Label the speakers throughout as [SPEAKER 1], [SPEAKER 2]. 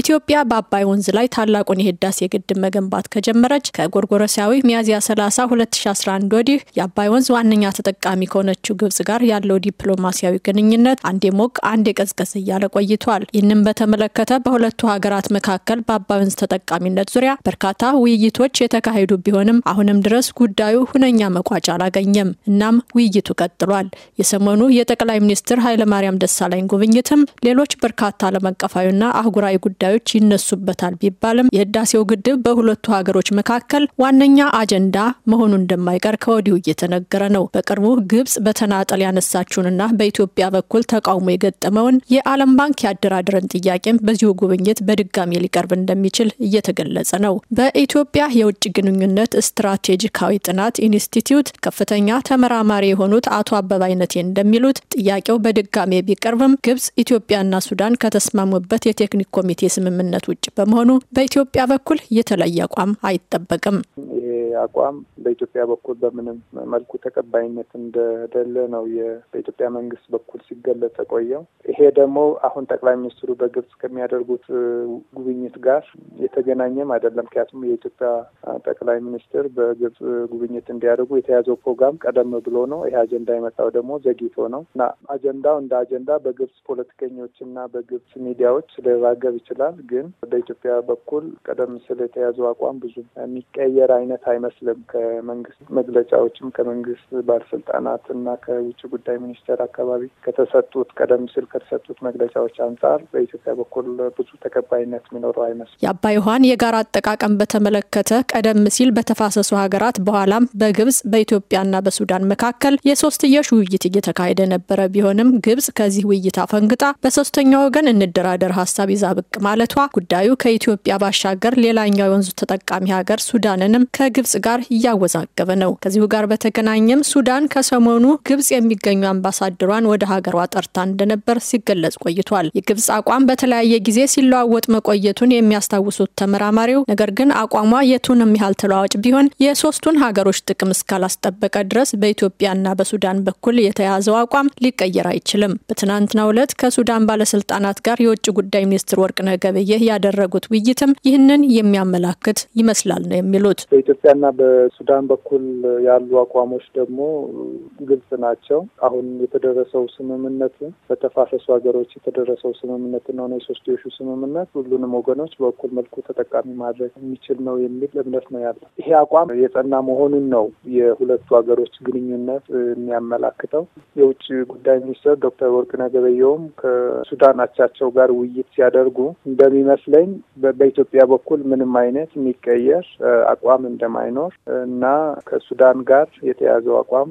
[SPEAKER 1] ኢትዮጵያ በአባይ ወንዝ ላይ ታላቁን የህዳሴ ግድብ መገንባት ከጀመረች ከጎርጎረሲያዊ ሚያዝያ 30 2011 ወዲህ የአባይ ወንዝ ዋነኛ ተጠቃሚ ከሆነችው ግብጽ ጋር ያለው ዲፕሎማሲያዊ ግንኙነት አንዴ ሞቅ አንዴ ቀዝቀዝ እያለ ቆይቷል። ይህንም በተመለከተ በሁለቱ ሀገራት መካከል በአባይ ወንዝ ተጠቃሚነት ዙሪያ በርካታ ውይይቶች የተካሄዱ ቢሆንም አሁንም ድረስ ጉዳዩ ሁነኛ መቋጫ አላገኘም። እናም ውይይቱ ቀጥሏል። የሰሞኑ የጠቅላይ ሚኒስትር ኃይለማርያም ደሳለኝ ጉብኝትም ሌሎች በርካታ ዓለም አቀፋዊና አህጉራዊ ጉዳዩ ጉዳዮች ይነሱበታል ቢባልም የህዳሴው ግድብ በሁለቱ ሀገሮች መካከል ዋነኛ አጀንዳ መሆኑ እንደማይቀር ከወዲሁ እየተነገረ ነው። በቅርቡ ግብጽ በተናጠል ያነሳችውንና በኢትዮጵያ በኩል ተቃውሞ የገጠመውን የዓለም ባንክ ያደራድረን ጥያቄም በዚሁ ጉብኝት በድጋሚ ሊቀርብ እንደሚችል እየተገለጸ ነው። በኢትዮጵያ የውጭ ግንኙነት ስትራቴጂካዊ ጥናት ኢንስቲትዩት ከፍተኛ ተመራማሪ የሆኑት አቶ አበባይነቴ እንደሚሉት ጥያቄው በድጋሜ ቢቀርብም ግብጽ፣ ኢትዮጵያና ሱዳን ከተስማሙበት የቴክኒክ ኮሚቴ ስምምነት ውጭ በመሆኑ በኢትዮጵያ በኩል የተለየ አቋም አይጠበቅም።
[SPEAKER 2] አቋም በኢትዮጵያ በኩል በምንም መልኩ ተቀባይነት እንደደለ ነው በኢትዮጵያ መንግስት በኩል ሲገለጽ የቆየው። ይሄ ደግሞ አሁን ጠቅላይ ሚኒስትሩ በግብጽ ከሚያደርጉት ጉብኝት ጋር የተገናኘም አይደለም። ምክንያቱም የኢትዮጵያ ጠቅላይ ሚኒስትር በግብጽ ጉብኝት እንዲያደርጉ የተያዘው ፕሮግራም ቀደም ብሎ ነው። ይሄ አጀንዳ የመጣው ደግሞ ዘግይቶ ነው እና አጀንዳው እንደ አጀንዳ በግብጽ ፖለቲከኞች እና በግብጽ ሚዲያዎች ሊራገብ ይችላል። ግን በኢትዮጵያ በኩል ቀደም ስል የተያዘው አቋም ብዙ የሚቀየር አይነት አይ አይመስልም። ከመንግስት መግለጫዎችም ከመንግስት ባለስልጣናት እና ከውጭ ጉዳይ ሚኒስቴር አካባቢ ከተሰጡት ቀደም ሲል ከተሰጡት መግለጫዎች አንጻር በኢትዮጵያ በኩል ብዙ ተቀባይነት የሚኖረው አይመስልም።
[SPEAKER 1] የአባይ ውሃን የጋራ አጠቃቀም በተመለከተ ቀደም ሲል በተፋሰሱ ሀገራት በኋላም በግብጽ በኢትዮጵያና በሱዳን መካከል የሶስትዮሽ ውይይት እየተካሄደ ነበረ። ቢሆንም ግብጽ ከዚህ ውይይት አፈንግጣ በሶስተኛ ወገን እንደራደር ሀሳብ ይዛ ብቅ ማለቷ ጉዳዩ ከኢትዮጵያ ባሻገር ሌላኛው የወንዙ ተጠቃሚ ሀገር ሱዳንንም ከግብጽ ግብጽ ጋር እያወዛገበ ነው። ከዚሁ ጋር በተገናኘም ሱዳን ከሰሞኑ ግብጽ የሚገኙ አምባሳደሯን ወደ ሀገሯ ጠርታ እንደነበር ሲገለጽ ቆይቷል። የግብጽ አቋም በተለያየ ጊዜ ሲለዋወጥ መቆየቱን የሚያስታውሱት ተመራማሪው ነገር ግን አቋሟ የቱንም ያህል ተለዋዋጭ ቢሆን የሶስቱን ሀገሮች ጥቅም እስካላስጠበቀ ድረስ በኢትዮጵያና በሱዳን በኩል የተያዘው አቋም ሊቀየር አይችልም። በትናንትናው ዕለት ከሱዳን ባለስልጣናት ጋር የውጭ ጉዳይ ሚኒስትር ወርቅነህ ገበየሁ ያደረጉት ውይይትም ይህንን የሚያመላክት ይመስላል ነው የሚሉት።
[SPEAKER 2] በኢትዮጵያ በኢትዮጵያና በሱዳን በኩል ያሉ አቋሞች ደግሞ ግልጽ ናቸው። አሁን የተደረሰው ስምምነት በተፋሰሱ ሀገሮች የተደረሰው ስምምነትና ሆነ የሶስትዮሹ ስምምነት ሁሉንም ወገኖች በኩል መልኩ ተጠቃሚ ማድረግ የሚችል ነው የሚል እምነት ነው ያለው። ይሄ አቋም የጸና መሆኑን ነው የሁለቱ ሀገሮች ግንኙነት የሚያመላክተው። የውጭ ጉዳይ ሚኒስትር ዶክተር ወርቅነህ ገበየሁም ከሱዳን አቻቸው ጋር ውይይት ሲያደርጉ እንደሚመስለኝ በኢትዮጵያ በኩል ምንም አይነት የሚቀየር አቋም እንደማይ እንደማይኖር እና ከሱዳን ጋር የተያዘው አቋም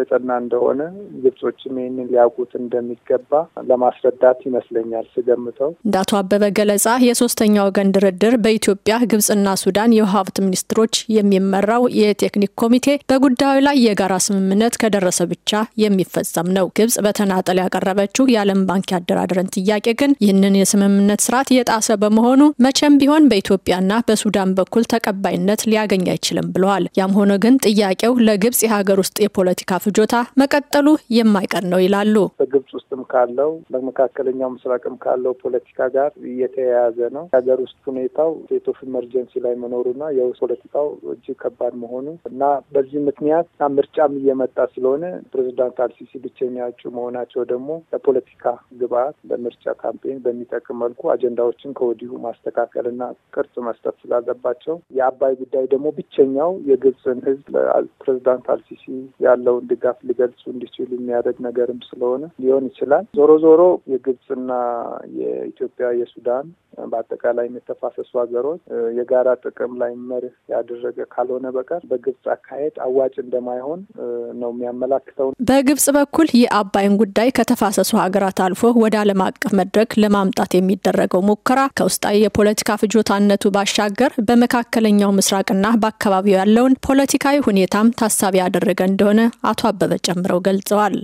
[SPEAKER 2] የጸና እንደሆነ ግብጾችም ይህንን ሊያውቁት እንደሚገባ ለማስረዳት ይመስለኛል ስገምተው።
[SPEAKER 1] እንደ አቶ አበበ ገለጻ የሶስተኛ ወገን ድርድር በኢትዮጵያ ግብጽና ሱዳን የውሃ ሀብት ሚኒስትሮች የሚመራው የቴክኒክ ኮሚቴ በጉዳዩ ላይ የጋራ ስምምነት ከደረሰ ብቻ የሚፈጸም ነው። ግብጽ በተናጠል ያቀረበችው የዓለም ባንክ ያደራደረን ጥያቄ ግን ይህንን የስምምነት ስርዓት የጣሰ በመሆኑ መቼም ቢሆን በኢትዮጵያና በሱዳን በኩል ተቀባይነት ሊያገኝ አይችልም አይደለም ብለዋል። ያም ሆነ ግን ጥያቄው ለግብጽ የሀገር ውስጥ የፖለቲካ ፍጆታ መቀጠሉ የማይቀር ነው ይላሉ።
[SPEAKER 2] በግብጽ ውስጥም ካለው በመካከለኛው ምስራቅም ካለው ፖለቲካ ጋር እየተያያዘ ነው። የሀገር ውስጥ ሁኔታው ስቴት ኦፍ ኢመርጀንሲ ላይ መኖሩና የውስጥ ፖለቲካው እጅግ ከባድ መሆኑ እና በዚህ ምክንያት ምርጫም እየመጣ ስለሆነ ፕሬዚዳንት አልሲሲ ብቸኛ እጩ መሆናቸው ደግሞ ለፖለቲካ ግብአት ለምርጫ ካምፔን በሚጠቅም መልኩ አጀንዳዎችን ከወዲሁ ማስተካከልና ቅርጽ መስጠት ስላለባቸው የአባይ ጉዳይ ደግሞ ብቸኛ አንደኛው የግብፅን ህዝብ ፕሬዚዳንት አልሲሲ ያለውን ድጋፍ ሊገልጹ እንዲችሉ የሚያደርግ ነገርም ስለሆነ ሊሆን ይችላል። ዞሮ ዞሮ የግብፅና የኢትዮጵያ የሱዳን በአጠቃላይ የተፋሰሱ ሀገሮች የጋራ ጥቅም ላይ መርህ ያደረገ ካልሆነ በቀር በግብፅ አካሄድ አዋጭ እንደማይሆን ነው የሚያመላክተው።
[SPEAKER 1] በግብጽ በኩል የአባይን ጉዳይ ከተፋሰሱ ሀገራት አልፎ ወደ ዓለም አቀፍ መድረክ ለማምጣት የሚደረገው ሙከራ ከውስጣዊ የፖለቲካ ፍጆታነቱ ባሻገር በመካከለኛው ምስራቅና በአካባቢ በአካባቢው ያለውን ፖለቲካዊ ሁኔታም ታሳቢ ያደረገ እንደሆነ አቶ አበበ ጨምረው ገልጸዋል።